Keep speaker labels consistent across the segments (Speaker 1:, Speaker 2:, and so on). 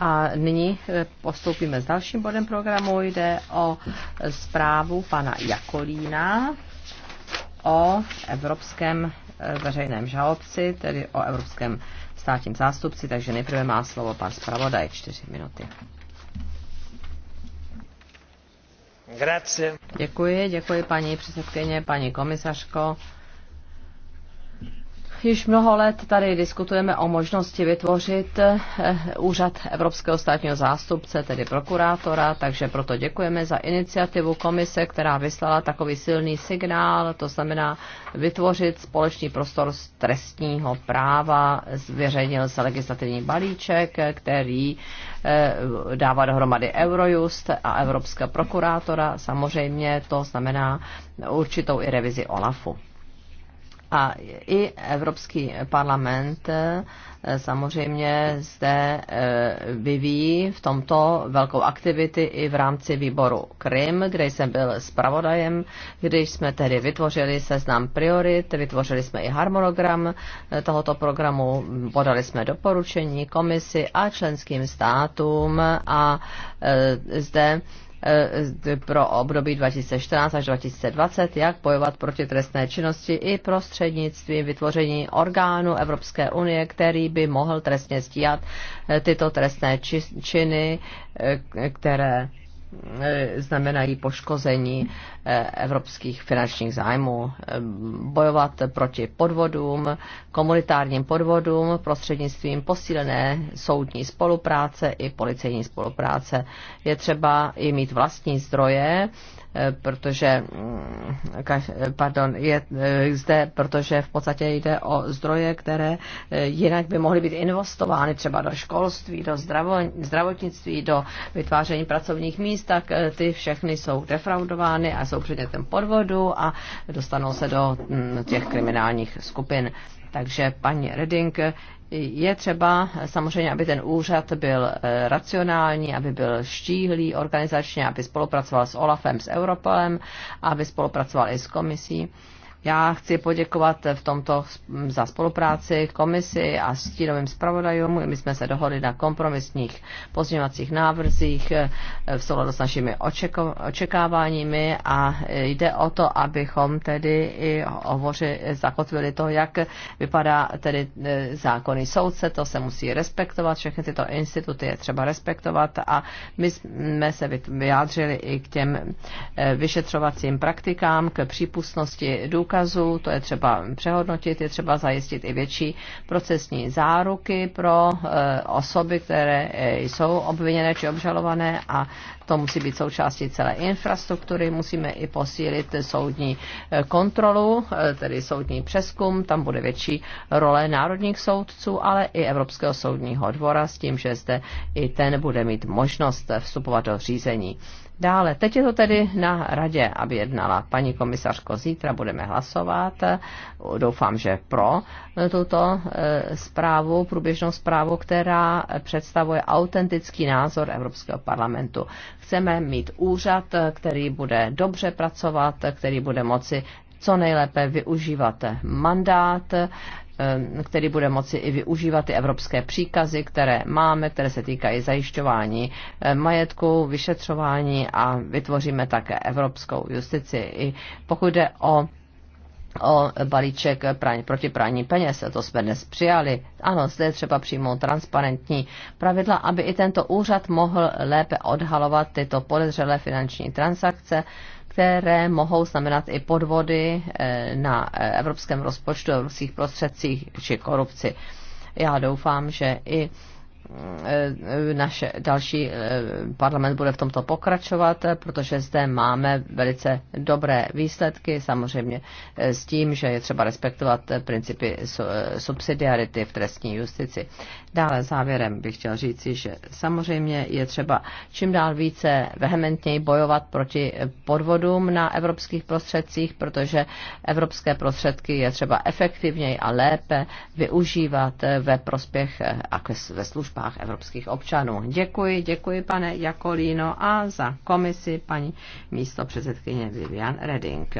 Speaker 1: A nyní eh, postoupíme s dalším bodem programu. Jde o zprávu pana Jakolína o evropském eh, veřejném žalobci, tedy o evropském státním zástupci, takže nejprve má slovo pan zpravodaj, čtyři minuty. Grazie. Děkuji, děkuji paní předsedkyně, paní komisařko. Již mnoho let tady diskutujeme o možnosti vytvořit eh, úřad Evropského státního zástupce, tedy prokurátora, takže proto děkujeme za iniciativu komise, která vyslala takový silný signál, to znamená vytvořit společný prostor z trestního práva. Zveřejnil se legislativní balíček, který eh, dává dohromady Eurojust a Evropského prokurátora. Samozřejmě to znamená určitou i revizi OLAFu. A i Evropský parlament eh, samozřejmě zde eh, vyvíjí v tomto velkou aktivity i v rámci výboru Krym, kde jsem byl zpravodajem, když jsme tedy vytvořili seznam priorit, vytvořili jsme i harmonogram eh, tohoto programu, podali jsme doporučení komisi a členským státům a zde Eh, pro období 2014 až 2020, jak bojovat proti trestné činnosti i prostřednictvím vytvoření orgánu Evropské unie, který by mohl trestně stíhat eh, tyto trestné činy, eh, které E, znamenají poškození e, evropských finančních zájmů. E, bojovat proti podvodům, komunitárním podvodům prostřednictvím posílené soudní spolupráce i policejní spolupráce. Je třeba i mít vlastní zdroje, Eh, protože mm, eh, pardon, je eh, zde, protože v podstatě jde o zdroje, které jinak by mohly být investovány třeba do školství, do zdravotnictví, do vytváření pracovních míst, tak ty všechny jsou defraudovány a jsou předmětem podvodu a dostanou se do mm, těch kriminálních skupin. Takže paní Reding, je třeba samozřejmě, aby ten úřad byl eh, racionální, aby byl štíhlý organizačně, aby spolupracoval s OLAFem, s Europolem, aby spolupracoval i s komisí já chci poděkovat v tomto za spolupráci komisi a stínovým zpravodajům. My jsme se dohodli na kompromisních pozměňovacích návrzích eh, v souladu s našimi očekáváními a jde o to, abychom tedy i hovoři, zakotvili to, jak vypadá tedy eh, zákony soudce, to se musí respektovat, všechny tyto instituty je třeba respektovat a my jsme se vyjádřili i k těm eh, vyšetřovacím praktikám, k přípustnosti důkazů důkazů, to je třeba přehodnotit, je třeba zajistit i větší procesní záruky pro eh, osoby, které eh, jsou obviněné či obžalované a to musí být součástí celé infrastruktury, musíme i posílit soudní eh, kontrolu, eh, tedy soudní přeskum, tam bude větší role národních soudců, ale i Evropského soudního dvora s tím, že zde i ten bude mít možnost vstupovat do řízení. Dále, teď je to tedy na radě, aby jednala. Paní komisařko, zítra budeme hlasovat, doufám, že pro eh, tuto zprávu, průběžnou zprávu, která představuje autentický názor Evropského parlamentu chceme mít úřad, který bude dobře pracovat, který bude moci co nejlépe využívat mandát, eh, který bude moci i využívat ty evropské příkazy, které máme, které se týkají zajišťování eh, majetku, vyšetřování a vytvoříme také evropskou justici. I pokud jde o o balíček praň, proti praní peněz. To jsme dnes přijali. Ano, zde je třeba přijmout transparentní pravidla, aby i tento úřad mohl lépe odhalovat tyto podezřelé finanční transakce, které mohou znamenat i podvody eh, na eh, evropském rozpočtu, evropských prostředcích či korupci. Já doufám, že i Eh, naše další eh, parlament bude v tomto pokračovat, eh, protože zde máme velice dobré výsledky, samozřejmě s tím, že je třeba respektovat principy subsidiarity v trestní justici. Dále závěrem bych chtěl říci, že samozřejmě je třeba čím dál více vehementněji bojovat proti podvodům na evropských prostředcích, protože evropské prostředky je třeba efektivněji a lépe využívat ve prospěch a ve službách evropských občanů. Děkuji, děkuji pane Jakolíno a za komisi paní místo předsedkyně Vivian Reding.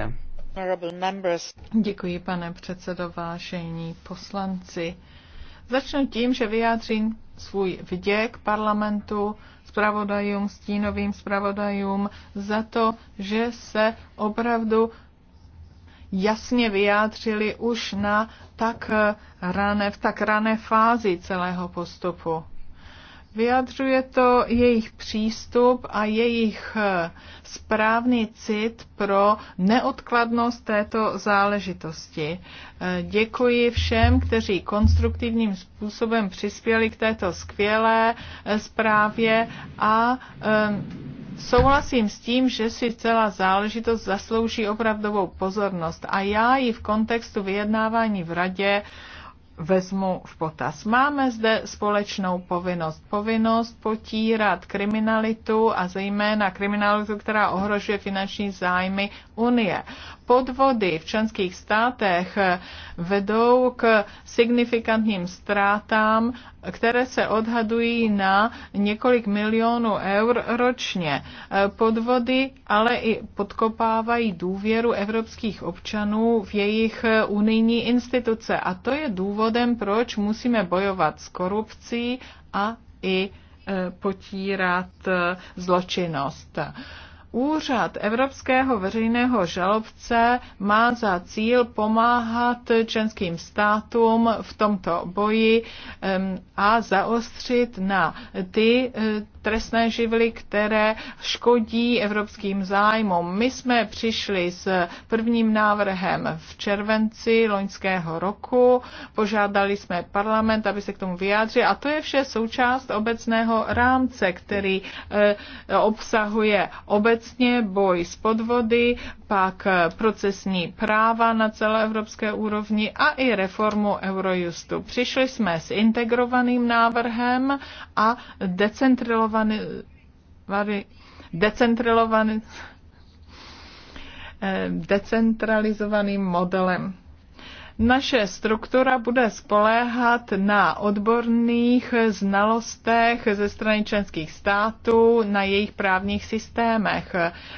Speaker 2: Děkuji, pane předsedo, vážení poslanci. Začnu tím, že vyjádřím svůj vděk parlamentu, spravodajům, stínovým spravodajům za to, že se opravdu jasně vyjádřili už na tak eh, rané, v tak rané fázi celého postupu. Vyjadřuje to jejich přístup a jejich eh, správný cit pro neodkladnost této záležitosti. Eh, děkuji všem, kteří konstruktivním způsobem přispěli k této skvělé eh, zprávě a souhlasím s tím, že si celá záležitost zaslouží opravdovou pozornost a já ji v kontextu vyjednávání v radě vezmu v potaz. Máme zde společnou povinnost. Povinnost potírat kriminalitu a zejména kriminalitu, která ohrožuje finanční zájmy Unie podvody v členských státech vedou k signifikantním ztrátám, které se odhadují na několik milionů eur ročně. Podvody ale i podkopávají důvěru evropských občanů v jejich unijní instituce. A to je důvodem, proč musíme bojovat s korupcí a i e, potírat e, zločinnost. Úřad Evropského veřejného žalobce má za cíl pomáhat členským státům v tomto boji a zaostřit na ty trestné živly, které škodí evropským zájmům. My jsme přišli s prvním návrhem v červenci loňského roku, požádali jsme parlament, aby se k tomu vyjádřil a to je vše součást obecného rámce, který eh, obsahuje obecně boj s podvody, pak eh, procesní práva na celé evropské úrovni a i reformu Eurojustu. Přišli jsme s integrovaným návrhem a decentralizovaným Eh, decentralizovaným modelem naše struktura bude spoléhat na odborných znalostech ze strany členských států, na jejich právních systémech.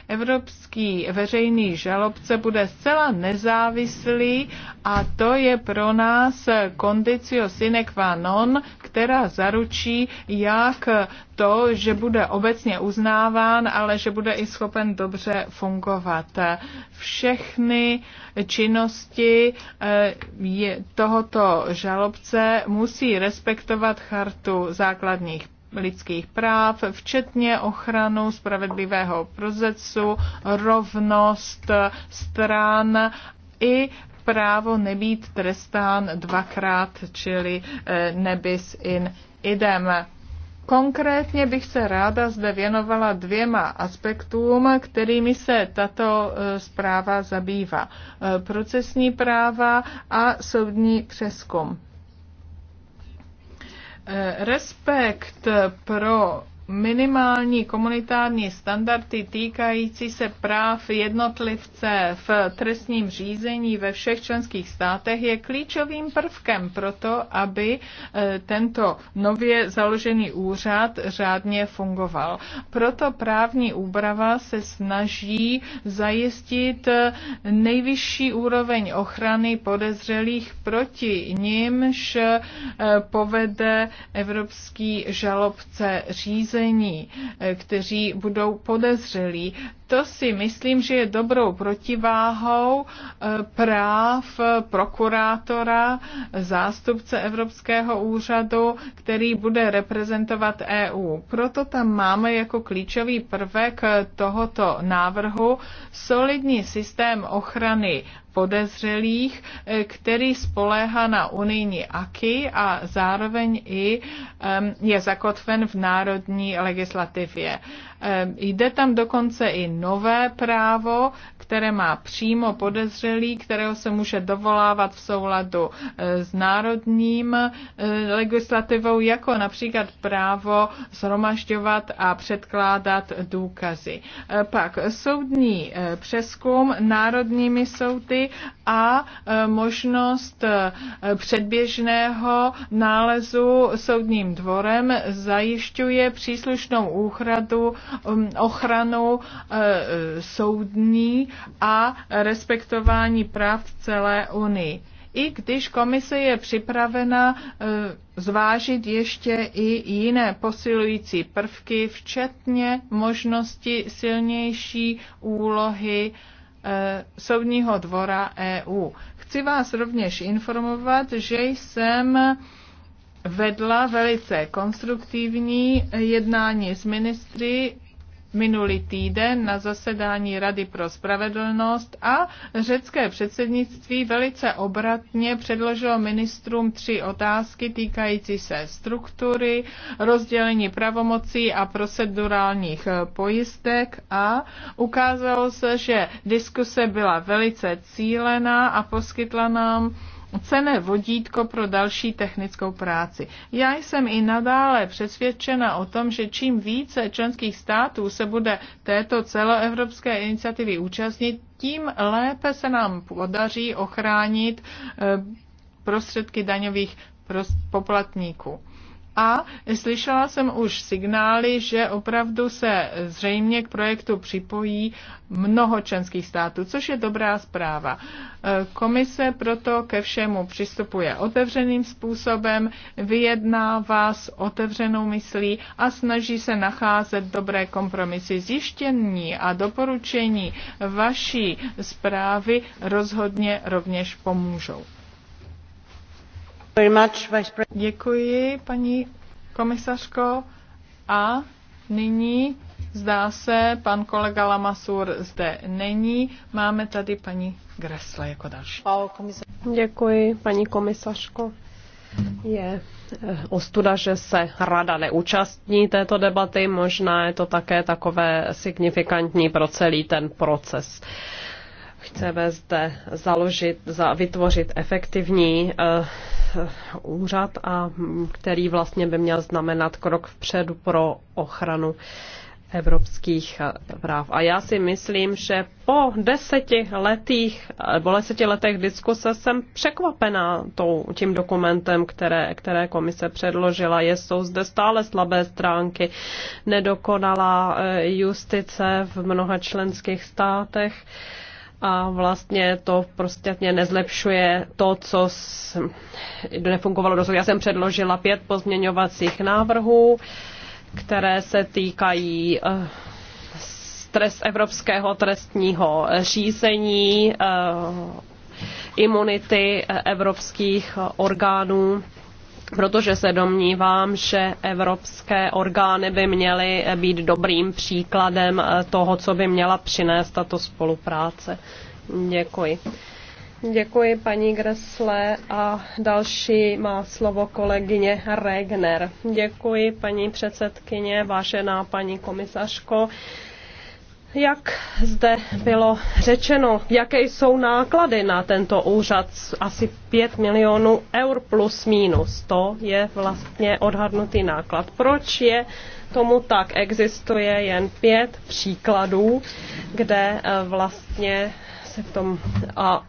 Speaker 2: Evropský veřejný žalobce bude zcela nezávislý a to je pro nás kondicio sine qua non, která zaručí, jak to, že bude obecně uznáván, ale že bude i schopen dobře fungovat. Všechny činnosti eh, je, tohoto žalobce musí respektovat chartu základních lidských práv, včetně ochranu spravedlivého procesu, rovnost stran i právo nebýt trestán dvakrát, čili eh, nebis in idem. Konkrétně bych se ráda zde věnovala dvěma aspektům, kterými se tato e, zpráva zabývá. E, procesní práva a soudní přeskum. E, respekt pro minimální komunitární standardy týkající se práv jednotlivce v trestním řízení ve všech členských státech je klíčovým prvkem pro to, aby eh, tento nově založený úřad řádně fungoval. Proto právní úprava se snaží zajistit eh, nejvyšší úroveň ochrany podezřelých proti nímž eh, povede evropský žalobce řízení vězení, eh, kteří budou podezřelí. To si myslím, že je dobrou protiváhou eh, práv prokurátora, zástupce Evropského úřadu, který bude reprezentovat EU. Proto tam máme jako klíčový prvek tohoto návrhu solidní systém ochrany podezřelých, eh, který spoléhá na unijní aky a zároveň i je zakotven v národní legislativě. Ehm, jde tam dokonce i nové právo, které má přímo podezřelý, kterého se může dovolávat v souladu e, s národním e, legislativou, jako například právo zhromažďovat a předkládat důkazy. E, pak soudní přeskum národními soudy a možnost předběžného nálezu soudním dvorem zajišťuje příslušnou úhradu, ochranu soudní a respektování práv v celé Unii. I když komise je připravena eh, zvážit ještě i jiné posilující prvky, včetně možnosti silnější úlohy eh, Soudního dvora EU. Chci vás rovněž informovat, že jsem vedla velice konstruktivní jednání s ministry minulý týden na zasedání Rady pro spravedlnost a řecké předsednictví velice obratně předložilo ministrům tři otázky týkající se struktury, rozdělení pravomocí a procedurálních pojistek a ukázalo se, že diskuse byla velice cílená a poskytla nám cené vodítko pro další technickou práci. Já jsem i nadále přesvědčena o tom, že čím více členských států se bude této celoevropské iniciativy účastnit, tím lépe se nám podaří ochránit eh, prostředky daňových poplatníků. A slyšela jsem už signály, že opravdu se zřejmě k projektu připojí mnoho členských států, což je dobrá zpráva. Komise proto ke všemu přistupuje otevřeným způsobem, vyjedná vás otevřenou myslí a snaží se nacházet dobré kompromisy. Zjištění a doporučení vaší zprávy rozhodně rovněž pomůžou. Děkuji, paní komisařko. A nyní zdá se, pan kolega Lamasur zde není. Máme tady paní Gressle jako další.
Speaker 3: Děkuji, paní komisařko. Je eh, ostuda, že se rada neúčastní této debaty. Možná je to také takové signifikantní pro celý ten proces. Chceme zde založit, za, vytvořit efektivní uh, úřad, a, mm, který vlastně by měl znamenat krok vpředu pro ochranu evropských eh, práv. A já si myslím, že po deseti letých, nebo eh, deseti letech diskuse jsem překvapená tou, tím dokumentem, které, které komise předložila. Je, jsou zde stále slabé stránky, nedokonalá justice v mnoha členských státech. Uh, a vlastně to prostě nezlepšuje to, co nefungovalo dosud. Já jsem předložila pět pozměňovacích návrhů, které se týkají eh, stres evropského trestního řízení, eh, imunity eh, evropských orgánů protože se domnívám, že evropské orgány by měly být dobrým příkladem eh, toho, co by měla přinést tato spolupráce. Děkuji. Děkuji paní Gresle a další má slovo kolegyně Regner. Děkuji paní předsedkyně, vážená paní komisařko. Jak zde bylo řečeno, jaké jsou náklady na tento úřad? Asi 5 milionů eur plus minus. To je vlastně odhadnutý náklad. Proč je tomu tak? Existuje jen pět příkladů, kde eh, vlastně se v tom a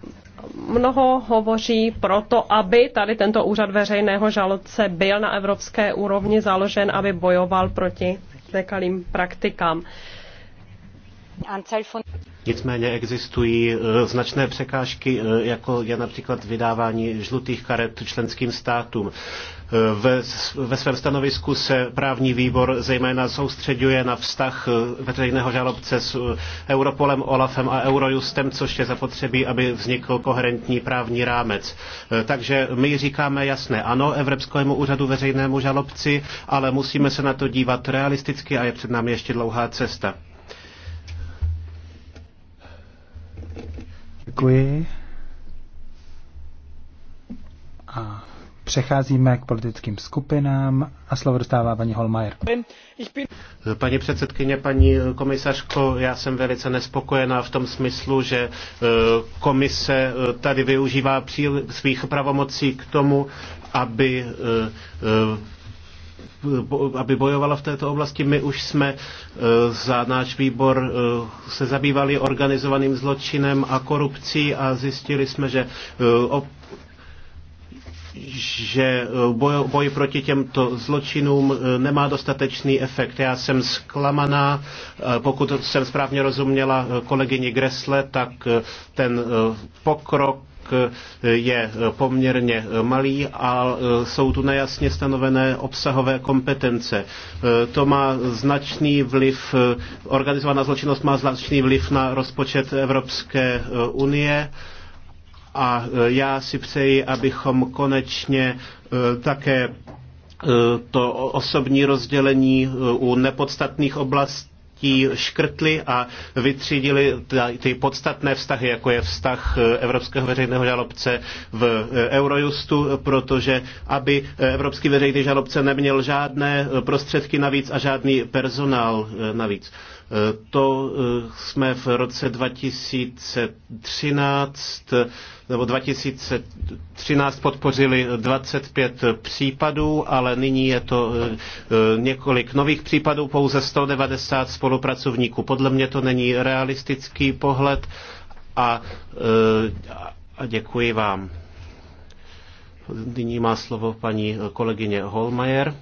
Speaker 3: mnoho hovoří proto, aby tady tento úřad veřejného žalobce byl na evropské úrovni založen, aby bojoval proti nekalým praktikám.
Speaker 4: Nicméně existují eh, značné překážky, eh, jako je například vydávání žlutých karet členským státům. Eh, ve, ve svém stanovisku se právní výbor zejména soustředuje na vztah veřejného žalobce s Europolem, Olafem a Eurojustem, což je zapotřebí, aby vznikl koherentní právní rámec. Takže my říkáme jasné ano Evropskému úřadu veřejnému žalobci, ale musíme se na to dívat realisticky a je před námi ještě dlouhá cesta.
Speaker 5: Děkuji. A Přecházíme k politickým skupinám a slovo dostává paní Holmajer.
Speaker 4: Paní předsedkyně, paní komisařko, já jsem velice nespokojená v tom smyslu, že e, komise e, tady využívá svých pravomocí k tomu, aby e, aby bojovala v této oblasti. My už jsme e, za náš výbor e, se zabývali organizovaným zločinem a korupcí a zjistili jsme, že e, že boj, boj proti těmto zločinům nemá dostatečný efekt. Já jsem zklamaná, pokud jsem správně rozuměla kolegyni Gresle, tak ten pokrok Eh, je eh, poměrně eh, malý a jsou tu nejasně stanovené obsahové kompetence. To má značný vliv, organizovaná zločinnost má značný vliv na rozpočet Evropské unie a já si přeji, abychom konečně také to osobní rozdělení u nepodstatných oblastí škrtí škrtli a vytřídili ty podstatné vztahy, jako je vztah eh, Evropského veřejného žalobce v eh, Eurojustu, protože aby eh, Evropský veřejný žalobce neměl žádné prostředky navíc a žádný personál navíc. To eh, jsme v roce 2013 nebo 2013 podpořili 25 případů, ale nyní je to eh, eh, několik nových případů, pouze 190 spolupracovníků. Podle mě to není realistický pohled a, a děkuji vám. Nyní má slovo paní kolegyně Holmajer.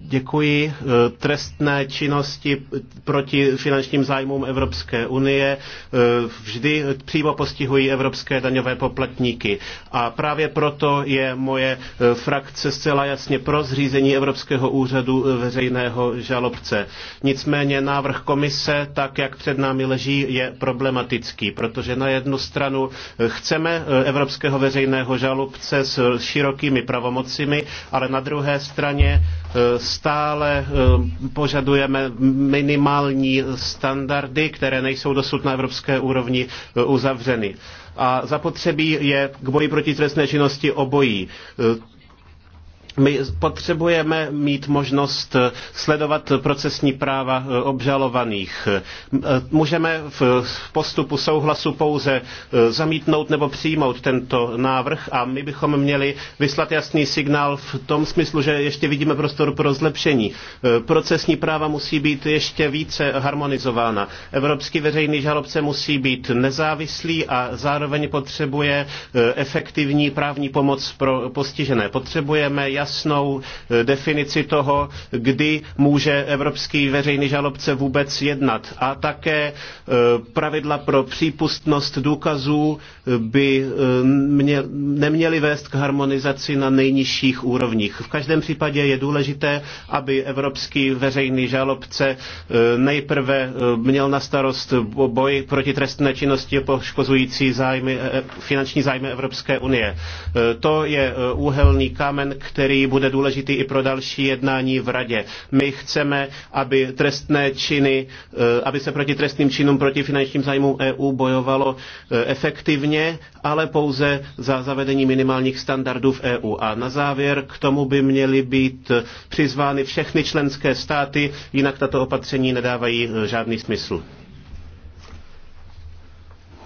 Speaker 4: Děkuji. E, trestné činnosti proti finančním zájmům Evropské unie e, vždy přímo postihují evropské daňové poplatníky. A právě proto je moje e, frakce zcela jasně pro zřízení Evropského úřadu veřejného žalobce. Nicméně návrh komise, tak jak před námi leží, je problematický, protože na jednu stranu chceme Evropského veřejného žalobce s širokými pravomocimi, ale na druhé straně stále eh, požadujeme minimální standardy, které nejsou dosud na evropské úrovni eh, uzavřeny. A zapotřebí je k boji proti trestné činnosti obojí eh, my potřebujeme mít možnost sledovat procesní práva eh, obžalovaných. Eh, můžeme v postupu souhlasu pouze eh, zamítnout nebo přijmout tento návrh a my bychom měli vyslat jasný signál v tom smyslu, že ještě vidíme prostor pro zlepšení. Procesní práva musí být ještě více harmonizována. Evropský veřejný žalobce musí být nezávislý a zároveň potřebuje efektivní právní pomoc pro postižené. Potřebujeme jasný jasnou eh, definici toho, kdy může evropský veřejný žalobce vůbec jednat. A také eh, pravidla pro přípustnost důkazů eh, by neměly vést k harmonizaci na nejnižších úrovních. V každém případě je důležité, aby evropský veřejný žalobce nejprve měl na starost boj proti trestné činnosti poškozující zájmy, finanční zájmy Evropské unie. To je úhelný kámen, který který bude důležitý i pro další jednání v radě. My chceme, aby trestné činy, eh, aby se proti trestným činům proti finančním zájmům EU bojovalo eh, efektivně, ale pouze za zavedení minimálních standardů v EU. A na závěr k tomu by měly být eh, přizvány všechny členské státy, jinak tato opatření nedávají žádný smysl.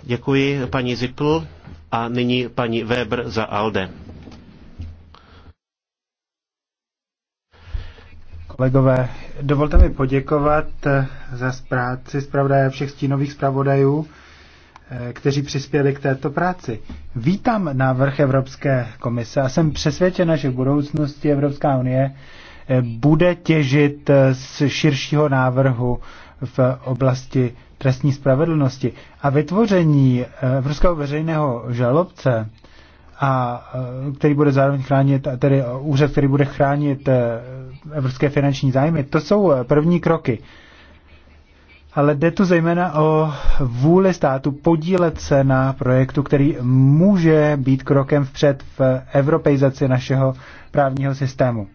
Speaker 4: Děkuji paní Zipl a nyní paní Weber za ALDE.
Speaker 5: Kolegové, dovolte mi poděkovat eh, za práci zpravodaje všech stínových zpravodajů, eh, kteří přispěli k této práci. Vítám návrh Evropské komise a jsem přesvědčena, že v budoucnosti Evropská unie eh, bude těžit z širšího návrhu v oblasti trestní spravedlnosti. A vytvoření Evropského veřejného žalobce a e, který bude zároveň chránit, tedy úřad, který bude chránit e, evropské finanční zájmy. To jsou e, první kroky. Ale jde tu zejména o vůli státu podílet se na projektu, který může být krokem vpřed v evropeizaci našeho právního systému.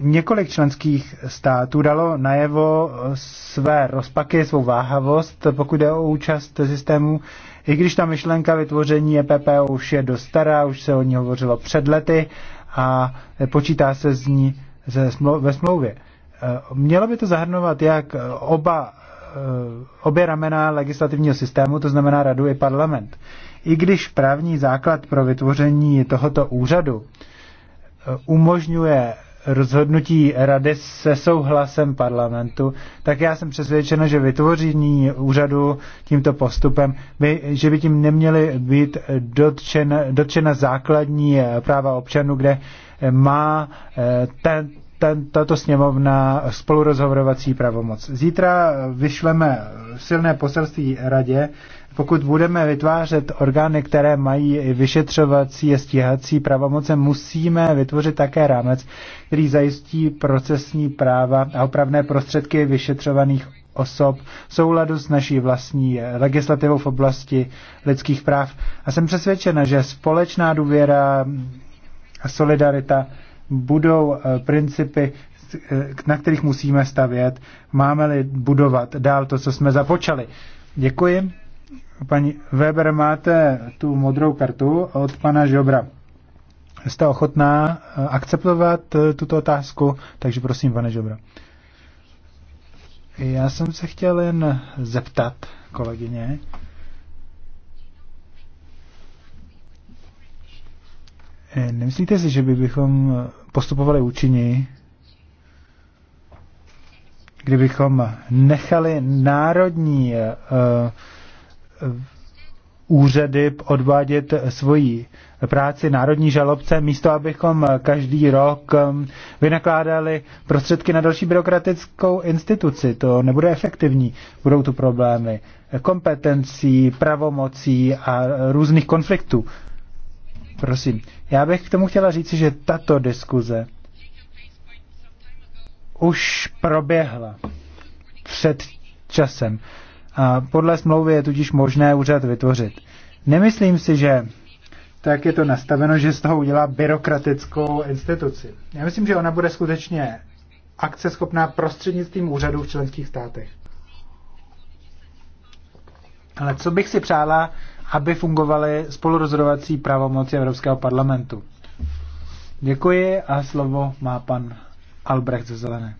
Speaker 5: Několik členských států dalo najevo své rozpaky, svou váhavost, pokud jde o účast systému i když ta myšlenka vytvoření EPPO už je dost stará, už se o ní hovořilo před lety a počítá se z ní ze smlou- ve smlouvě. E, mělo by to zahrnovat jak e, oba, e, obě ramena legislativního systému, to znamená radu i parlament. I když právní základ pro vytvoření tohoto úřadu umožňuje rozhodnutí rady se souhlasem parlamentu, tak já jsem přesvědčena, že vytvoření úřadu tímto postupem, by, že by tím neměly být dotčen, dotčena základní práva občanů, kde má eh, ten, ten, tato sněmovna spolurozhovorovací pravomoc. Zítra vyšleme silné poselství radě, pokud budeme vytvářet orgány, které mají i vyšetřovací a stíhací pravomoce, musíme vytvořit také rámec, který zajistí procesní práva a opravné prostředky vyšetřovaných osob v souladu s naší vlastní eh, legislativou v oblasti lidských práv. A jsem přesvědčena, že společná důvěra a solidarita budou eh, principy, eh, na kterých musíme stavět, máme-li budovat dál to, co jsme započali. Děkuji. Pani Weber, máte tu modrou kartu od pana Žobra. Jste ochotná eh, akceptovat eh, tuto otázku? Takže prosím, pane Žobra. Já jsem se chtěl jen zeptat, kolegyně, eh, Nemyslíte si, že by bychom postupovali účinně, kdybychom nechali národní uh, úřady odvádět svoji práci národní žalobce, místo abychom každý rok um, vynakládali prostředky na další byrokratickou instituci. To nebude efektivní. Budou tu problémy kompetencí, pravomocí a různých konfliktů. Prosím. Já bych k tomu chtěla říci, že tato diskuze už proběhla před časem. A podle smlouvy je tudíž možné úřad vytvořit. Nemyslím si, že tak je to nastaveno, že z toho udělá byrokratickou instituci. Já myslím, že ona bude skutečně akceschopná prostřednictvím úřadů v členských státech. Ale co bych si přála, aby fungovaly spolurozhodovací pravomoci Evropského parlamentu? Děkuji a slovo má pan Albrecht ze Zelené.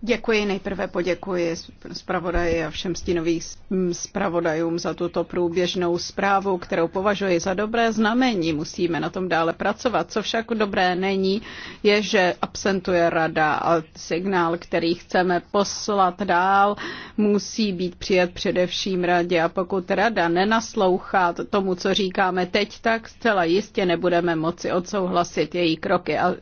Speaker 6: Děkuji, nejprve poděkuji zpravodaji a všem stínovým zpravodajům za tuto průběžnou zprávu, kterou považuji za dobré znamení. Musíme na tom dále pracovat. Co však dobré není, je, že absentuje rada a signál, který chceme poslat dál, musí být přijat především radě. A pokud rada nenaslouchá tomu, co říkáme teď, tak zcela jistě nebudeme moci odsouhlasit její kroky. A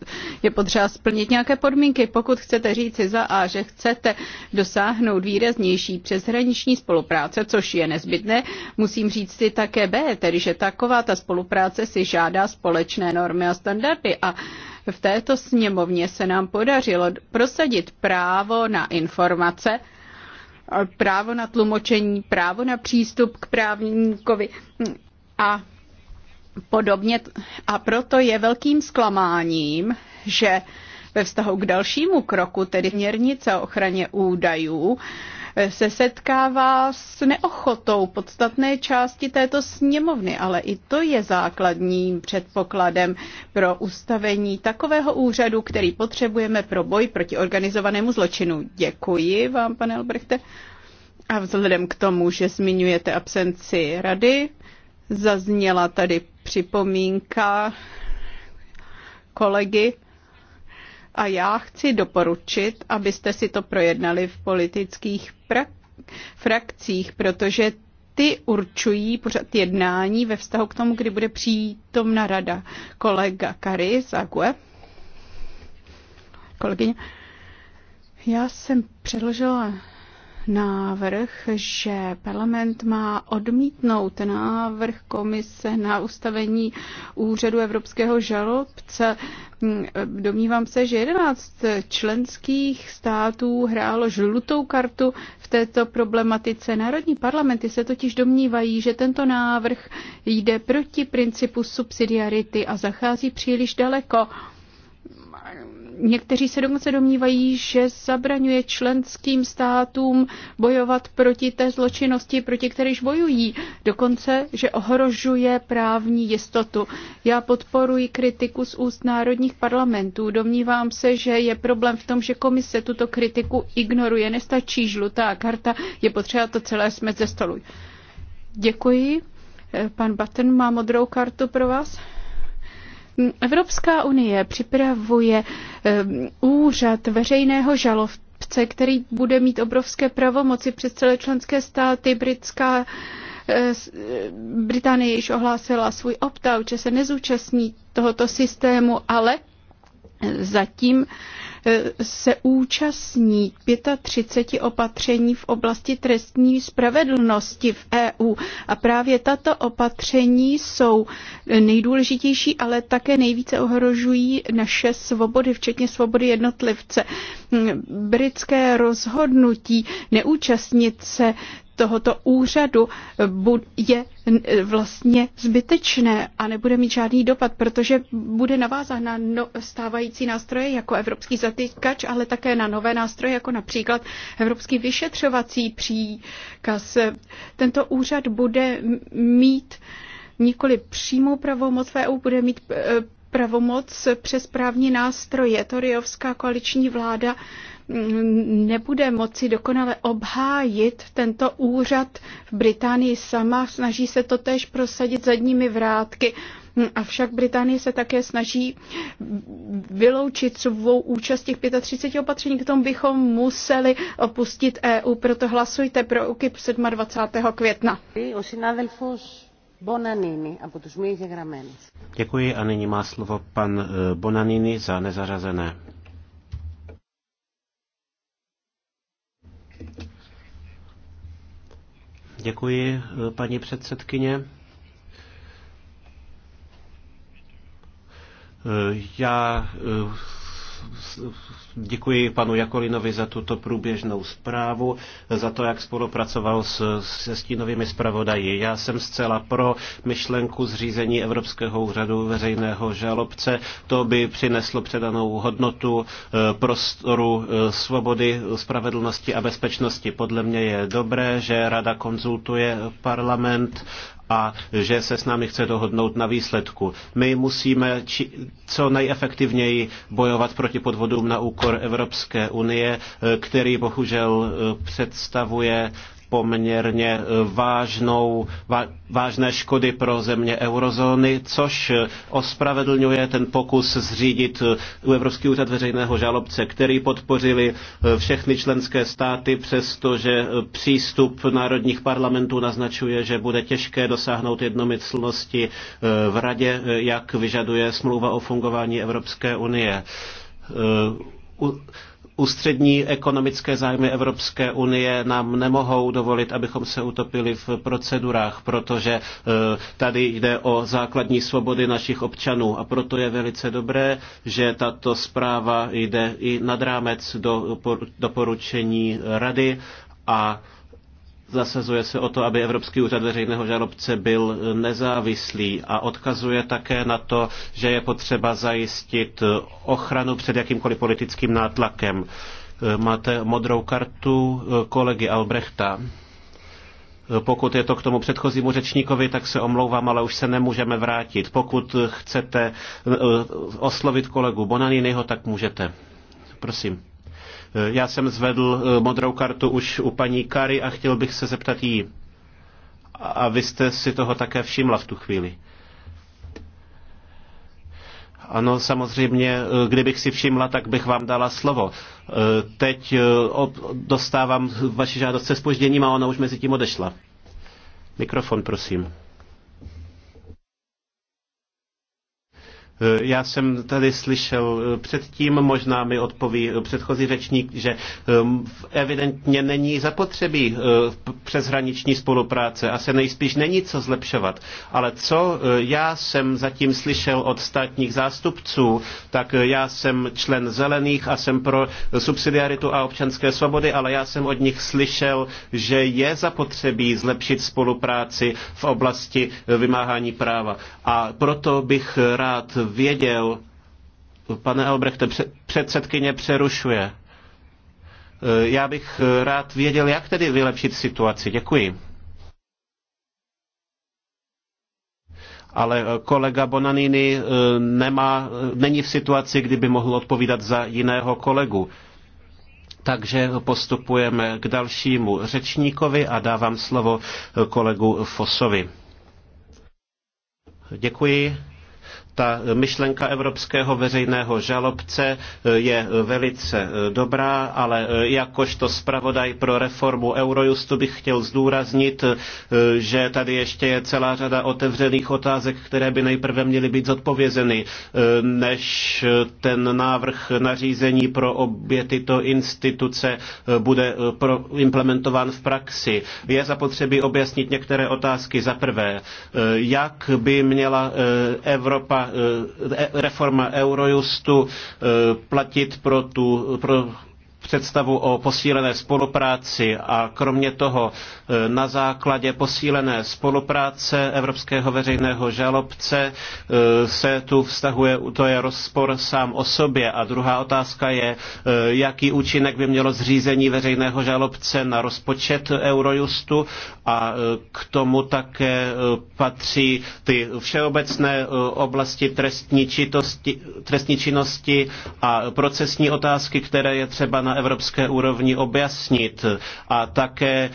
Speaker 6: je potřeba splnit nějaké nějaké podmínky. Pokud chcete říci za A, že chcete dosáhnout výraznější přeshraniční spolupráce, což je nezbytné, musím říct si také B, tedy že taková ta spolupráce si žádá společné normy a standardy. A v této sněmovně se nám podařilo prosadit právo na informace, právo na tlumočení, právo na přístup k právníkovi a podobně. A proto je velkým zklamáním, že ve vztahu k dalšímu kroku, tedy měrnice o ochraně údajů, se setkává s neochotou podstatné části této sněmovny, ale i to je základním předpokladem pro ustavení takového úřadu, který potřebujeme pro boj proti organizovanému zločinu. Děkuji vám, pane Albrechte. A vzhledem k tomu, že zmiňujete absenci rady, zazněla tady připomínka kolegy a já chci doporučit, abyste si to projednali v politických pra- frakcích, protože ty určují pořad jednání ve vztahu k tomu, kdy bude přítomna rada. Kolega Kary Zague, kolegyně, já jsem předložila návrh, že parlament má odmítnout návrh komise na ustavení úřadu evropského žalobce. Domnívám se, že 11 členských států hrálo žlutou kartu v této problematice. Národní parlamenty se totiž domnívají, že tento návrh jde proti principu subsidiarity a zachází příliš daleko Někteří se dokonce domnívají, že zabraňuje členským státům bojovat proti té zločinnosti, proti kteréž bojují. Dokonce, že ohrožuje právní jistotu. Já podporuji kritiku z úst národních parlamentů. Domnívám se, že je problém v tom, že komise tuto kritiku ignoruje. Nestačí žlutá karta, je potřeba to celé smet ze stolu. Děkuji. Pan Batten má modrou kartu pro vás. Evropská unie připravuje ehm, úřad veřejného žalovce, který bude mít obrovské pravomoci přes celé členské státy, britská eh, eh, Británie již ohlásila svůj opt-out, že se nezúčastní tohoto systému, ale zatím E, se účastní 35 opatření v oblasti trestní spravedlnosti v EU. A právě tato opatření jsou nejdůležitější, ale také nejvíce ohrožují naše svobody, včetně svobody jednotlivce. Britské rozhodnutí neúčastnit se tohoto úřadu je vlastně zbytečné a nebude mít žádný dopad, protože bude navázán na no, stávající nástroje jako evropský zatýkač, ale také na nové nástroje, jako například evropský vyšetřovací příkaz. Tento úřad bude mít nikoli přímou pravomoc VU, e bude mít e, pravomoc přes právní nástroje. Toriovská koaliční vláda mm, nebude moci dokonale obhájit tento úřad v Británii sama. Snaží se to tež prosadit zadními vrátky. Hm, avšak Británie se také snaží vyloučit svou účast těch 35 opatření, k tomu bychom museli opustit EU. Proto hlasujte pro UKIP 27. května.
Speaker 3: Bonanini, από τους μη εγγεγραμμένους.
Speaker 4: Děkuji a nyní má slovo pan eh, Bonanini za nezařazené. Děkuji, eh, paní předsedkyně. Eh, já Děkuji panu Jakolinovi za tuto průběžnou zprávu, za to, jak spolupracoval s, se stínovými zpravodaji. Já jsem zcela pro myšlenku zřízení Evropského úřadu veřejného žalobce. To by přineslo předanou hodnotu eh, prostoru eh, svobody, spravedlnosti a bezpečnosti. Podle mě je dobré, že Rada konzultuje parlament a že se s námi chce dohodnout na výsledku. My musíme či, co nejefektivněji bojovat proti podvodům na úkor Evropské unie, eh, který bohužel eh, představuje poměrně eh, vážnou, vážné škody pro země eurozóny, což eh, ospravedlňuje ten pokus zřídit eh, Evropský úřad veřejného žalobce, který podpořili všechny členské státy, přestože přístup národních parlamentů naznačuje, že bude těžké dosáhnout jednomyslnosti v radě, jak vyžaduje smlouva o fungování Evropské unie ústřední ekonomické zájmy Evropské unie nám nemohou dovolit, abychom se utopili v procedurách, protože e, tady jde o základní svobody našich občanů a proto je velice dobré, že tato zpráva jde i nad rámec do doporučení rady a Zasazuje se o to, aby Evropský úřad veřejného žalobce byl nezávislý a odkazuje také na to, že je potřeba zajistit ochranu před jakýmkoliv politickým nátlakem. Máte modrou kartu kolegy Albrechta. Pokud je to k tomu předchozímu řečníkovi, tak se omlouvám, ale už se nemůžeme vrátit. Pokud chcete eh, oslovit kolegu Bonaniniho, tak můžete. Prosím. Eh, já jsem zvedl eh, modrou kartu už u paní Kary a chtěl bych se zeptat jí. A vy jste si toho také všimla v tu chvíli. Ano, samozřejmě, eh, kdybych si všimla, tak bych vám dala slovo. Teď dostávám vaši žádost se spožděním a ona už mezi tím odešla. Mikrofon, prosím. Eh, já jsem tady slyšel eh, předtím, možná mi odpoví eh, předchozí řečník, že ehm, evidentně není zapotřebí přeshraniční spolupráce a se nejspíš není co zlepšovat. Ale co já jsem zatím slyšel od státních zástupců, tak já jsem člen zelených a jsem pro subsidiaritu a občanské svobody, ale já jsem od nich slyšel, že je zapotřebí zlepšit spolupráci v oblasti vymáhání práva. A proto bych rád věděl, pane Albrechte, předsedkyně přerušuje. E, já bych e, rád věděl, jak tedy vylepšit situaci. Děkuji. ale e, kolega Bonanini nemá, není v situaci, kdyby mohl odpovídat za jiného kolegu. Takže postupujeme k dalšímu řečníkovi a dávám slovo kolegu Fosovi. Děkuji. Ta myšlenka evropského veřejného žalobce eh, je eh, velice eh, dobrá, ale jakožto zpravodaj pro reformu Eurojustu bych chtěl zdůraznit, že tady ještě je celá řada otevřených otázek, které by nejprve měly být zodpovězeny, než ten návrh nařízení pro obě tyto instituce bude implementován v praxi. Je zapotřebí objasnit některé otázky. Za prvé, jak by měla Evropa Eh, reforma Eurojustu eh, platit pro, tu, pro představu o posílené spolupráci a kromě toho e, na základě posílené spolupráce Evropského veřejného žalobce e, se tu vztahuje, to je rozpor sám o sobě. A druhá otázka je, e, jaký účinek by mělo zřízení veřejného žalobce na rozpočet Eurojustu a k tomu také patří ty všeobecné oblasti trestní, čitosti, trestní činnosti a procesní otázky, které je třeba na evropské úrovni objasnit. A také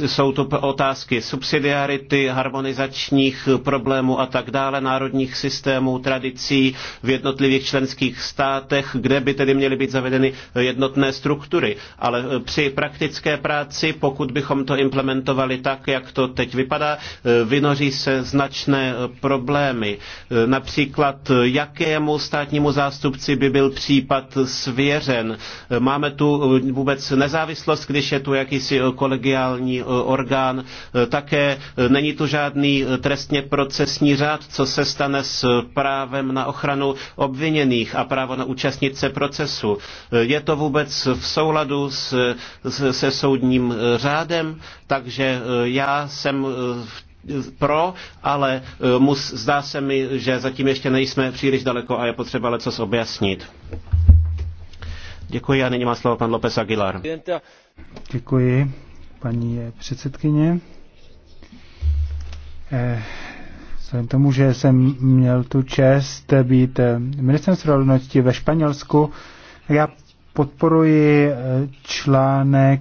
Speaker 4: e, jsou to otázky subsidiarity, harmonizačních problémů a tak dále, národních systémů, tradicí v jednotlivých členských státech, kde by tedy měly být zavedeny jednotné struktury. Ale e, při praktické práci, pokud bychom to implementovali tak, jak to teď vypadá, e, vynoří se značné problémy. Například, jakému státnímu zástupci by byl případ svěřen. Máme dále tu eh, vůbec nezávislost, když je tu jakýsi eh, kolegiální eh, orgán. Také není tu žádný trestně procesní řád, co se stane s právem na ochranu obviněných a právo na účastnit se procesu. Je to vůbec v souladu s, se soudním řádem, takže já jsem pro, ale mus, zdá se mi, že zatím ještě nejsme příliš daleko a je potřeba leco objasnit. Děkuji a nyní má slovo pan López Aguilar.
Speaker 5: Děkuji, paní předsedkyně. Eh, vzhledem tomu, že jsem měl tu čest být eh, ministrem spravedlnosti ve Španělsku, já podporuji eh, článek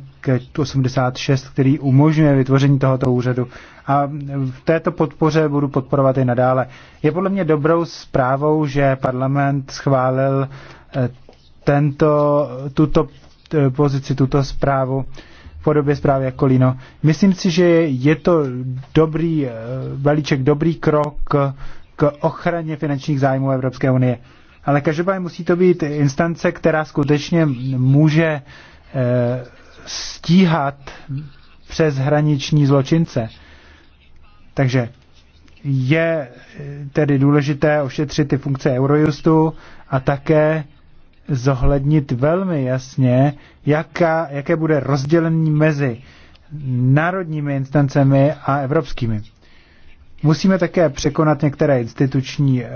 Speaker 5: 86, který umožňuje vytvoření tohoto úřadu. A v této podpoře budu podporovat i nadále. Je podle mě dobrou zprávou, že parlament schválil tento, tuto eh, pozici, tuto zprávu v podobě zprávy jako Lino. Myslím si, že je to dobrý eh, balíček, dobrý krok k ochraně finančních zájmů Evropské unie. Ale každopádně musí to být instance, která skutečně může eh, stíhat přes hraniční zločince. Takže je tedy důležité ošetřit ty funkce Eurojustu a také zohlednit velmi jasně, jaká, jaké bude rozdělení mezi národními instancemi a evropskými. Musíme také překonat některé instituční eh,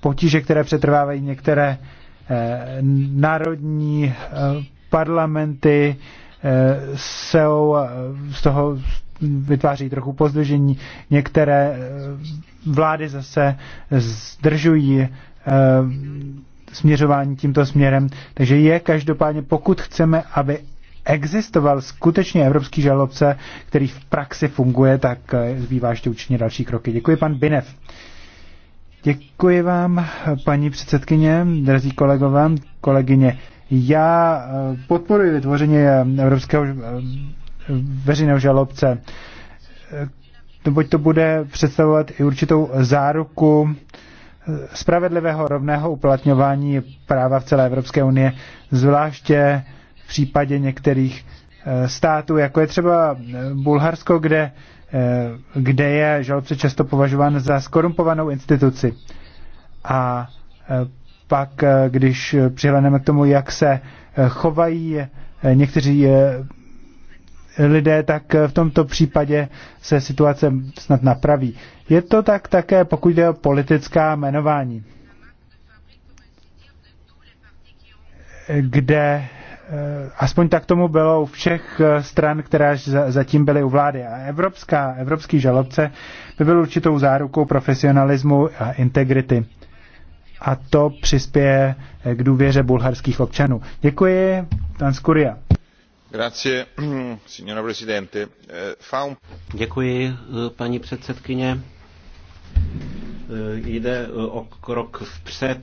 Speaker 5: potíže, které přetrvávají některé eh, národní eh, parlamenty, jsou z toho vytváří trochu pozdržení, některé vlády zase zdržují směřování tímto směrem. Takže je každopádně, pokud chceme, aby existoval skutečně evropský žalobce, který v praxi funguje, tak eh, zbývá ještě určitě další kroky. Děkuji, pan Binev. Děkuji vám, paní předsedkyně, drazí kolegové, kolegyně. Já eh, podporuji vytvoření eh, evropského veřejného žalobce, neboť to bude představovat i určitou záruku spravedlivého rovného uplatňování práva v celé Evropské unie, zvláště v případě některých eh, států, jako je třeba eh, Bulharsko, kde, eh, kde je žalobce často považován za skorumpovanou instituci. A pak, když přihledneme k tomu, jak se chovají někteří lidé, tak eh, v tomto případě se situace snad napraví. Je to tak také, pokud jde o politická jmenování, kde eh, aspoň tak tomu bylo u všech eh, stran, které zatím byly u vlády. A evropská, evropský žalobce by byl určitou zárukou profesionalismu a integrity. A to přispěje k důvěře bulharských občanů. Děkuji, Tanskuria.
Speaker 4: Eh, Děkuji, eh, paní předsedkyně. Eh, jde o krok vpřed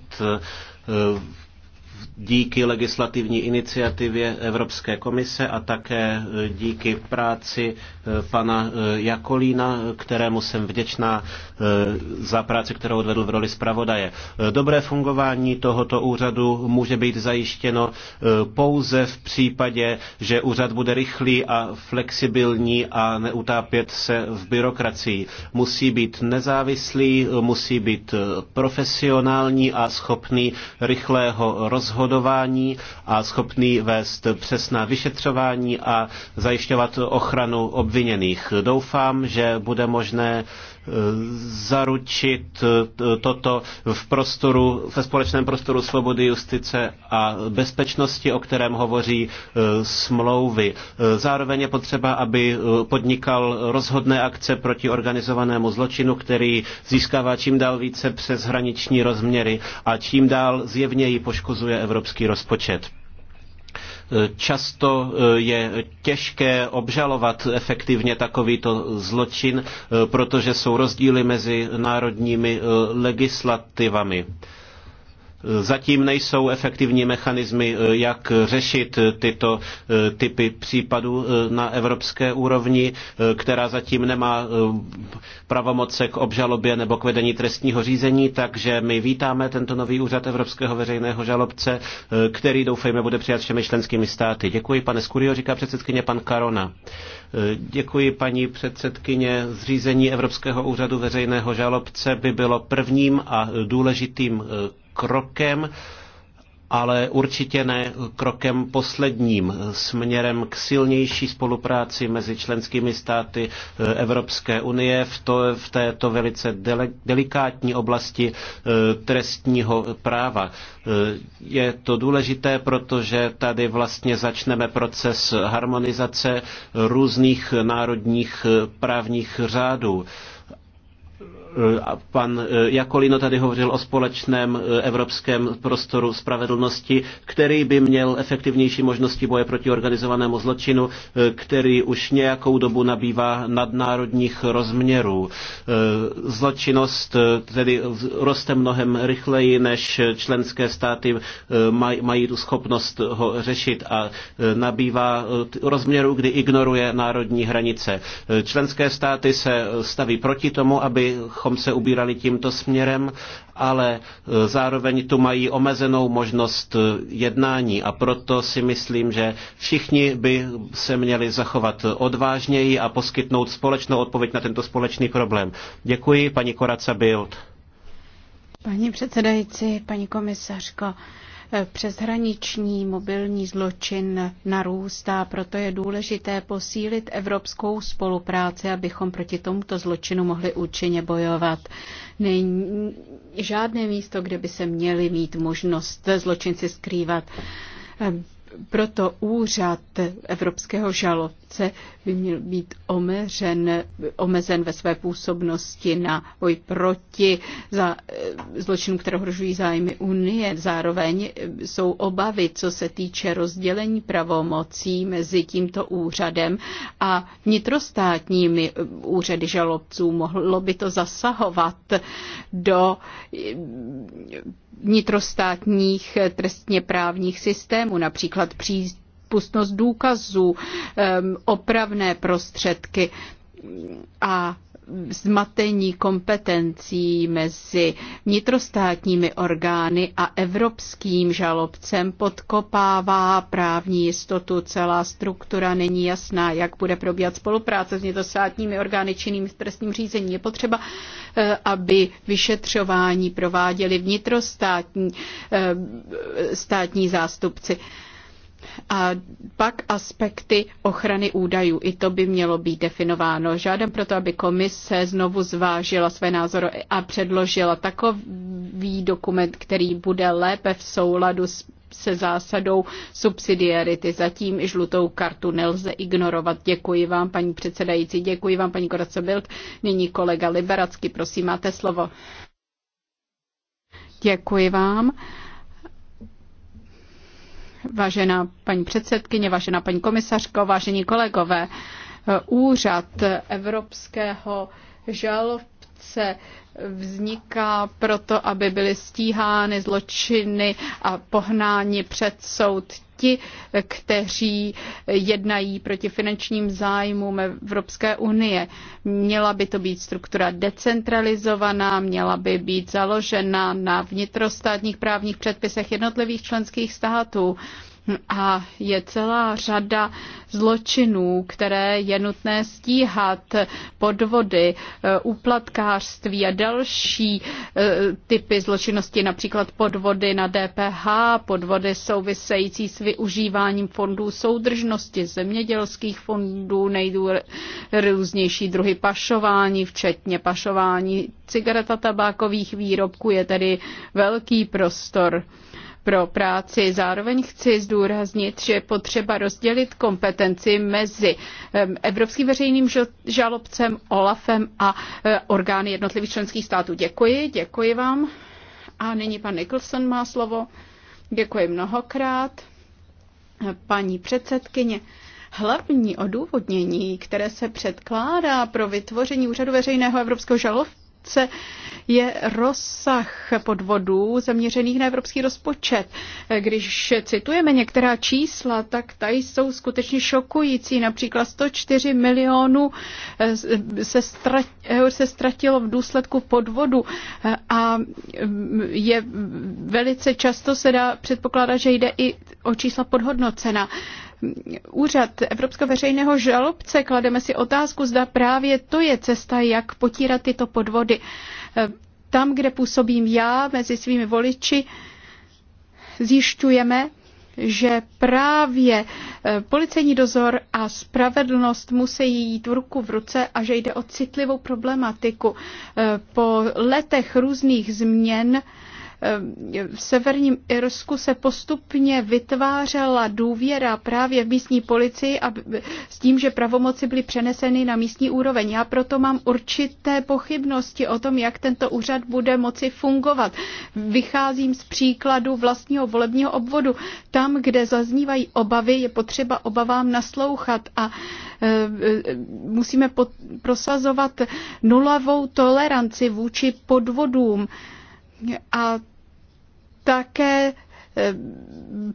Speaker 4: díky legislativní iniciativě Evropské komise a také e, díky práci e, pana e, Jakolína, kterému jsem vděčná za práci, kterou odvedl v roli zpravodaje. Dobré fungování tohoto úřadu může být zajištěno pouze v případě, že úřad bude rychlý a flexibilní a neutápět se v byrokracii. Musí být nezávislý, musí být profesionální a schopný rychlého rozhodnutí rozhodování a schopný vést přesná vyšetřování a zajišťovat ochranu obviněných. Doufám, že bude možné zaručit e, toto v prostoru, ve společném prostoru svobody, justice a bezpečnosti, o kterém hovoří e, smlouvy. E, zároveň je potřeba, aby podnikal rozhodné akce proti organizovanému zločinu, který získává čím dál více přeshraniční rozměry a čím dál zjevněji poškozuje evropský rozpočet. Často eh, je těžké obžalovat efektivně takovýto zločin, eh, protože jsou rozdíly mezi národními eh, legislativami. Zatím nejsou efektivní mechanismy, eh, jak řešit eh, tyto eh, typy případů na evropské úrovni, která zatím nemá pravomoce k obžalobě nebo k vedení trestního řízení, takže my vítáme tento nový úřad Evropského veřejného žalobce, který doufejme bude přijat všemi členskými státy. Děkuji, pane Skurio, říká předsedkyně pan Karona. Děkuji, paní předsedkyně. Zřízení Evropského úřadu veřejného žalobce by bylo prvním a důležitým krokem, ale určitě ne krokem posledním směrem k silnější spolupráci mezi členskými státy eh, Evropské unie v, to, v této velice dele, delikátní oblasti eh, trestního práva. Eh, je to důležité, protože tady vlastně začneme proces harmonizace různých národních právních řádů Pan e, Jakolino tady hovořil o společném e, evropském prostoru spravedlnosti, který by měl efektivnější možnosti boje proti organizovanému zločinu, e, který už nějakou dobu nabývá nadnárodních rozměrů. Zločinnost tedy roste mnohem rychleji, než členské státy mají tu schopnost ho řešit a nabývá rozměru, kdy ignoruje národní hranice. Členské státy se staví proti tomu, aby abychom se ubírali tímto směrem, ale e, zároveň tu mají omezenou možnost e, jednání a proto si myslím, že všichni by se měli zachovat odvážněji a poskytnout společnou odpověď na tento společný problém. Děkuji, paní Koraca Bild.
Speaker 6: Paní předsedající, paní komisařko, Přeshraniční mobilní zločin narůstá, proto je důležité posílit evropskou spolupráci, abychom proti tomuto zločinu mohli účinně bojovat. Není žádné místo, kde by se měli mít možnost zločinci skrývat proto úřad evropského žalobce by měl být omezen, omezen ve své působnosti na boj proti za, eh, zločinům, které ohrožují zájmy Unie. Zároveň jsou obavy, co se týče rozdělení pravomocí mezi tímto úřadem a vnitrostátními eh, úřady žalobců. Mohlo by to zasahovat do eh, vnitrostátních eh, trestně právních systémů, například přípustnost důkazů, eh, opravné prostředky a zmatení kompetencí mezi vnitrostátními orgány a evropským žalobcem podkopává právní jistotu. Celá struktura není jasná, jak bude probíhat spolupráce s vnitrostátními orgány činnými v trestním řízení. Je potřeba, eh, aby vyšetřování prováděli vnitrostátní eh, státní zástupci. A pak aspekty ochrany údajů. I to by mělo být definováno. Žádám proto, aby komise znovu zvážila své názory a předložila takový dokument, který bude lépe v souladu s se zásadou subsidiarity. Zatím i žlutou kartu nelze ignorovat. Děkuji vám, paní předsedající, děkuji vám, paní Korace Bild. Nyní kolega Liberacky, prosím, máte slovo. Děkuji vám. Vážená paní předsedkyně, vážená paní komisařko, vážení kolegové, úřad evropského žalobce vzniká proto, aby byly stíhány zločiny a pohnány před soud ti, kteří jednají proti finančním zájmům Evropské unie. Měla by to být struktura decentralizovaná, měla by být založena na vnitrostátních právních předpisech jednotlivých členských států. A je celá řada zločinů, které je nutné stíhat, podvody, eh, úplatkářství a další eh, typy zločinnosti, například podvody na DPH, podvody související s využíváním fondů soudržnosti, zemědělských fondů, nejrůznější druhy pašování, včetně pašování cigareta tabákových výrobků, je tedy velký prostor pro práci. Zároveň chci zdůraznit, že je potřeba rozdělit kompetenci mezi Evropským veřejným žalobcem, OLAFem a e, orgány jednotlivých členských států. Děkuji, děkuji vám. A nyní pan Nicholson má slovo. Děkuji mnohokrát. Paní předsedkyně, hlavní odůvodnění, které se předkládá pro vytvoření úřadu veřejného evropského žalobce, otázce je rozsah podvodů zaměřených na evropský rozpočet. Když citujeme některá čísla, tak ta jsou skutečně šokující. Například 104 milionů eh, se, se ztratilo v důsledku podvodu eh, a mm, je velice často se dá předpokládat, že jde i o čísla podhodnocena úřad Evropského veřejného žalobce, klademe si otázku, zda právě to je cesta, jak potírat tyto podvody. Eh, tam, kde působím já mezi svými voliči, zjišťujeme, že právě eh, policejní dozor a spravedlnost musí jít v ruku v ruce a že jde o citlivou problematiku. Eh, po letech různých změn Ehm, v severním Irsku se postupně vytvářela důvěra právě v místní policii a s tím, že pravomoci byly přeneseny na místní úroveň. Já proto mám určité pochybnosti o tom, jak tento úřad bude moci fungovat. Vycházím z příkladu vlastního volebního obvodu. Tam, kde zaznívají obavy, je potřeba obavám naslouchat a ehm, musíme prosazovat nulovou toleranci vůči podvodům a také eh,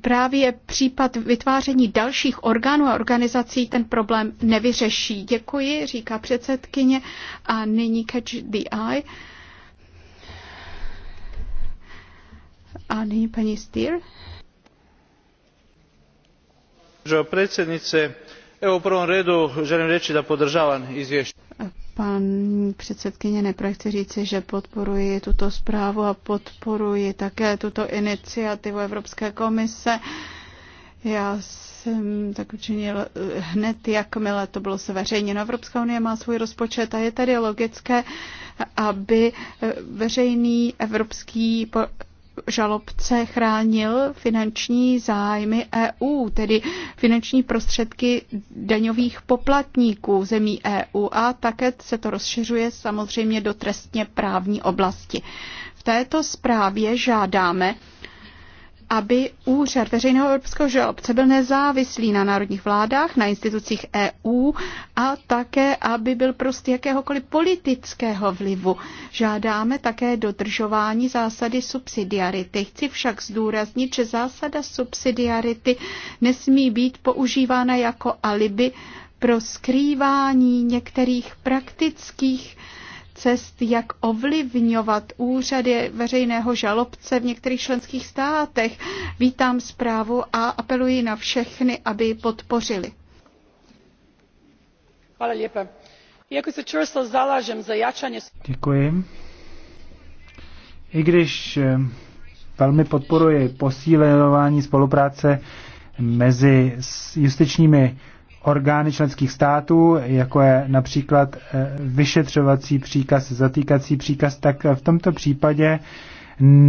Speaker 6: právě případ vytváření dalších orgánů a organizací ten problém nevyřeší. Děkuji, říká předsedkyně. A nyní catch the eye. A nyní paní Steer.
Speaker 4: Předsednice, evo u prvom redu želím reći da podržávám izvješće.
Speaker 6: Pan předsedkyně Nepra chci říci, že podporuji tuto zprávu a podporuji také tuto iniciativu Evropské komise. Já jsem tak učinil hned, jakmile to bylo zveřejněno. Evropská unie má svůj rozpočet a je tady logické, aby veřejný evropský žalobce chránil finanční zájmy EU, tedy finanční prostředky daňových poplatníků zemí EU a také se to rozšiřuje samozřejmě do trestně právní oblasti. V této zprávě žádáme, aby úřad veřejného evropského žalobce byl nezávislý na národních vládách, na institucích EU a také, aby byl prostě jakéhokoliv politického vlivu. Žádáme také dodržování zásady subsidiarity. Chci však zdůraznit, že zásada subsidiarity nesmí být používána jako alibi pro skrývání některých praktických cest, jak ovlivňovat úřady veřejného žalobce v některých členských státech. Vítám zprávu a apeluji na všechny, aby ji podpořili. Iako se čvrsto zalažem za jačanje...
Speaker 5: Děkuji. I když eh, velmi podporuji posílování spolupráce mezi justičními orgány členských států, jako je například eh, vyšetřovací příkaz, zatýkací příkaz, tak eh, v tomto případě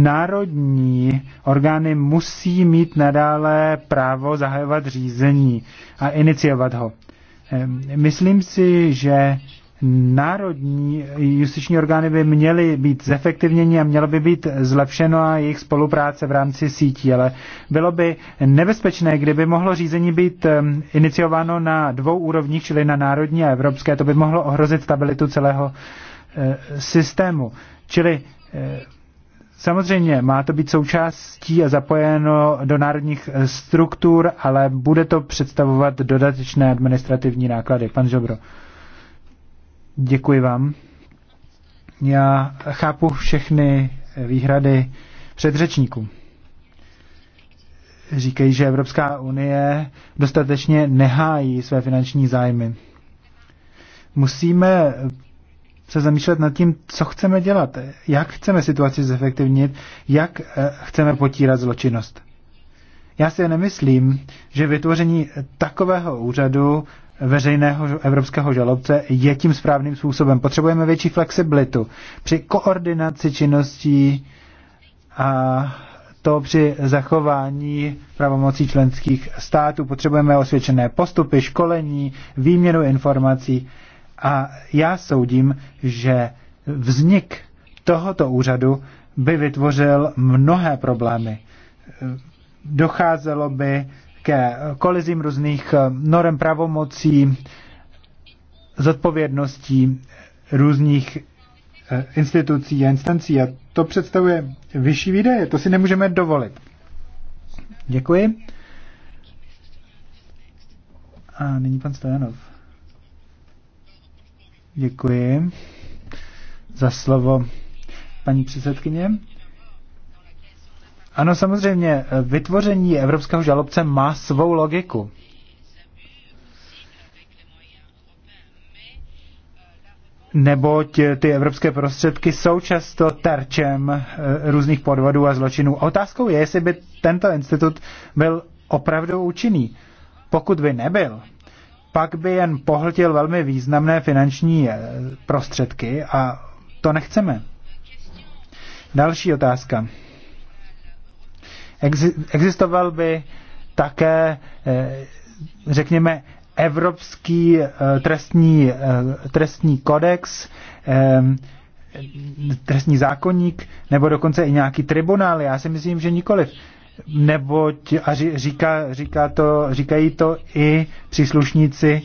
Speaker 5: národní orgány musí mít nadále právo zahajovat řízení a iniciovat ho. Ehm, myslím si, že národní justiční orgány by měly být zefektivněni a mělo by být zlepšeno a jejich spolupráce v rámci sítí, ale bylo by nebezpečné, kdyby mohlo řízení být iniciováno na dvou úrovních, čili na národní a evropské, to by mohlo ohrozit stabilitu celého eh, systému. Čili eh, Samozřejmě má to být součástí a zapojeno do národních eh, struktur, ale bude to představovat dodatečné administrativní náklady. Pan Žobro. Děkuji vám. Já chápu všechny výhrady předřečníků. Říkají, že Evropská unie dostatečně nehájí své finanční zájmy. Musíme se zamýšlet nad tím, co chceme dělat, jak chceme situaci zefektivnit, jak eh, chceme potírat zločinnost. Já si nemyslím, že vytvoření takového úřadu veřejného evropského žalobce je tím správným způsobem. Potřebujeme větší flexibilitu při koordinaci činností a to při zachování pravomocí členských států. Potřebujeme osvědčené postupy, školení, výměnu informací a já soudím, že vznik tohoto úřadu by vytvořil mnohé problémy. Docházelo by ke kolizím různých eh, norem pravomocí, zodpovědností různých eh, institucí a instancí. A to představuje vyšší výdaje. To si nemůžeme dovolit. Děkuji. A nyní pan Stojanov. Děkuji za slovo, paní předsedkyně. Ano, samozřejmě, vytvoření evropského žalobce má svou logiku. neboť ty evropské prostředky jsou často terčem eh, různých podvodů a zločinů. Otázkou je, jestli by tento institut byl opravdu účinný. Pokud by nebyl, pak by jen pohltil velmi významné finanční eh, prostředky a to nechceme. Další otázka. Existoval by také, eh, řekněme, evropský eh, trestní, eh, trestní kodex, trestní zákonník, nebo dokonce i nějaký tribunál. Já si myslím, že nikoliv. Neboť, a říká, říká to, říkají to i příslušníci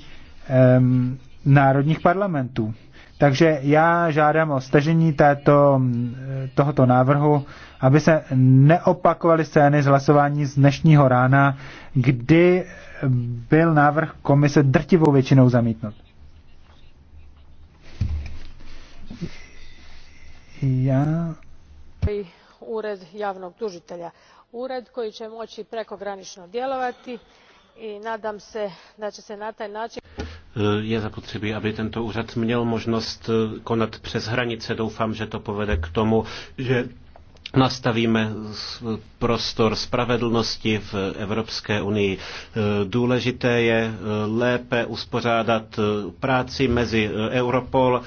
Speaker 5: um, národních parlamentů. Takže já žádám o stažení této, tohoto návrhu, aby se neopakovaly scény z hlasování z dnešního rána, kdy byl návrh komise drtivou většinou zamítnut. Já...
Speaker 3: Úřad javnog tužitelja. Úřad, který će moći prekogranično djelovati i nadam se da će se na ten način
Speaker 4: je zapotřebí, aby tento úřad měl možnost eh, konat přes hranice. Doufám, že to povede k tomu, že nastavíme prostor spravedlnosti v Evropské unii. Eh, důležité je eh, lépe uspořádat práci mezi Europol,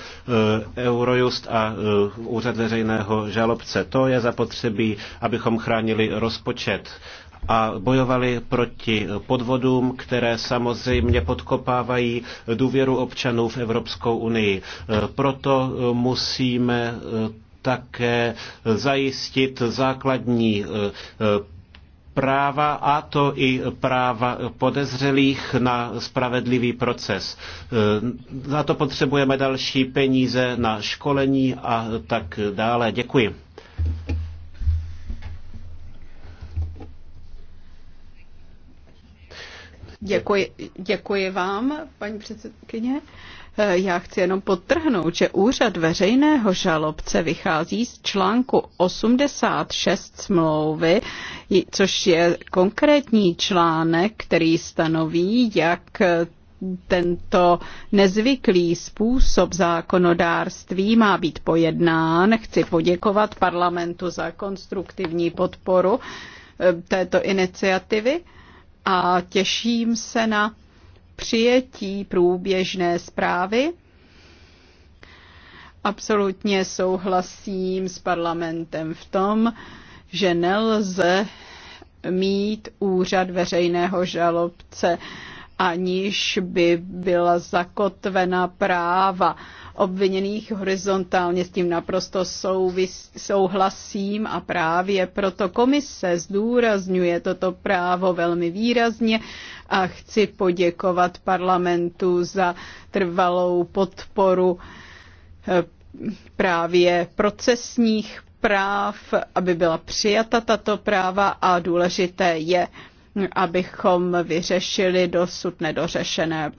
Speaker 4: Eurojust a Úřad veřejného žalobce. To je zapotřebí, abychom chránili rozpočet a bojovali proti podvodům, které samozřejmě podkopávají důvěru občanů v Evropskou unii. Proto musíme také zajistit základní práva a to i práva podezřelých na spravedlivý proces. Za to potřebujeme další peníze na školení a tak dále. Děkuji.
Speaker 6: Děkuji, děkuji vám, paní předsedkyně. Eh, já chci jenom podtrhnout, že úřad veřejného žalobce vychází z článku 86 smlouvy, což je konkrétní článek, který stanoví, jak tento nezvyklý způsob zákonodárství má být pojednán. Chci poděkovat parlamentu za konstruktivní podporu eh, této iniciativy a těším se na přijetí průběžné zprávy. Absolutně souhlasím s parlamentem v tom, že nelze mít úřad veřejného žalobce, aniž by byla zakotvena práva obviněných horizontálně. S tím naprosto souvis, souhlasím a právě proto komise zdůrazňuje toto právo velmi výrazně a chci poděkovat parlamentu za trvalou podporu eh, právě procesních práv, aby byla přijata tato práva a důležité je abychom vyřešili dosud nedořešené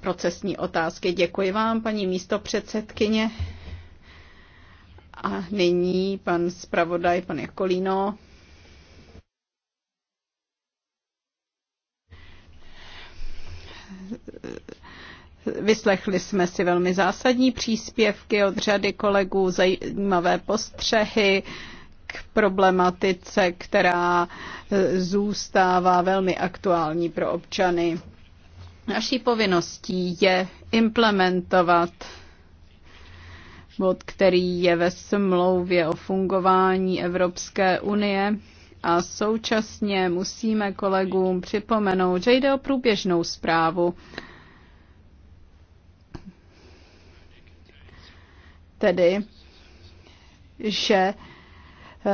Speaker 6: procesní otázky. Děkuji vám, paní místopředsedkyně. A nyní pan zpravodaj, pan Jakolíno. Vyslechli jsme si velmi zásadní příspěvky od řady kolegů, zajímavé postřehy problematice, která e, zůstává velmi aktuální pro občany. Naší povinností je implementovat bod, který je ve smlouvě o fungování Evropské unie a současně musíme kolegům připomenout, že jde o průběžnou zprávu. Tedy, že Eh,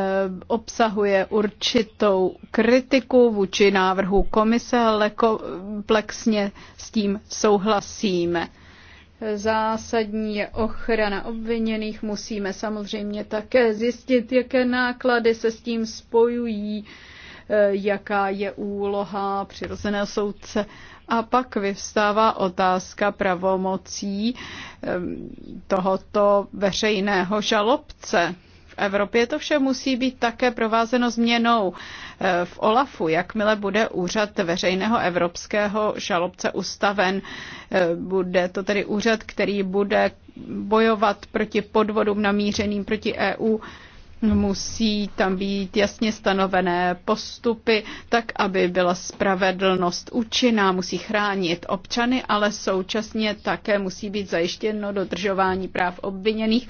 Speaker 6: obsahuje určitou kritiku vůči návrhu komise, ale komplexně s tím souhlasíme. Zásadní je ochrana obviněných. Musíme samozřejmě také zjistit, jaké náklady se s tím spojují, eh, jaká je úloha přirozené soudce. A pak vyvstává otázka pravomocí eh, tohoto veřejného žalobce Evropě. To vše musí být také provázeno změnou eh, v OLAFu. Jakmile bude úřad veřejného evropského žalobce ustaven, eh, bude to tedy úřad, který bude bojovat proti podvodům namířeným proti EU Musí tam být jasně stanovené postupy, tak aby byla spravedlnost účinná, musí chránit občany, ale současně také musí být zajištěno dodržování práv obviněných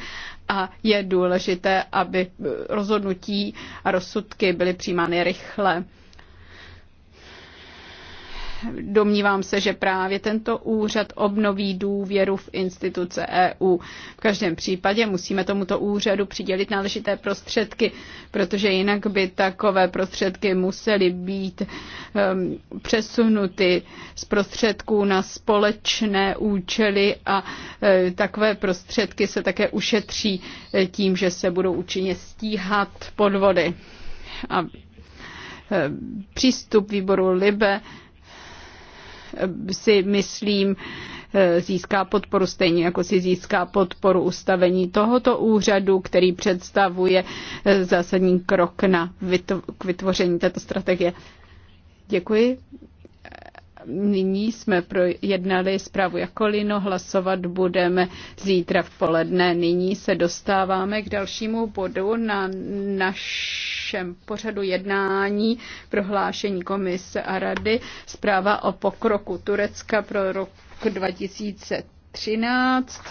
Speaker 6: a je důležité, aby rozhodnutí a rozsudky byly přijímány rychle domnívám se, že právě tento úřad obnoví důvěru v instituce EU. V každém případě musíme tomuto úřadu přidělit náležité prostředky, protože jinak by takové prostředky musely být um, přesunuty z prostředků na společné účely a uh, takové prostředky se také ušetří e, tím, že se budou účinně stíhat podvody. A e, přístup výboru Libe si myslím, eh, získá podporu stejně, jako si získá podporu ustavení tohoto úřadu, který představuje eh, zásadní krok na vytv- k vytvoření této strategie. Děkuji. Nyní jsme projednali zprávu Jakolino, hlasovat budeme zítra v poledne. Nyní se dostáváme k dalšímu bodu na naš našem pořadu jednání prohlášení komise a rady zpráva o pokroku Turecka pro rok 2013.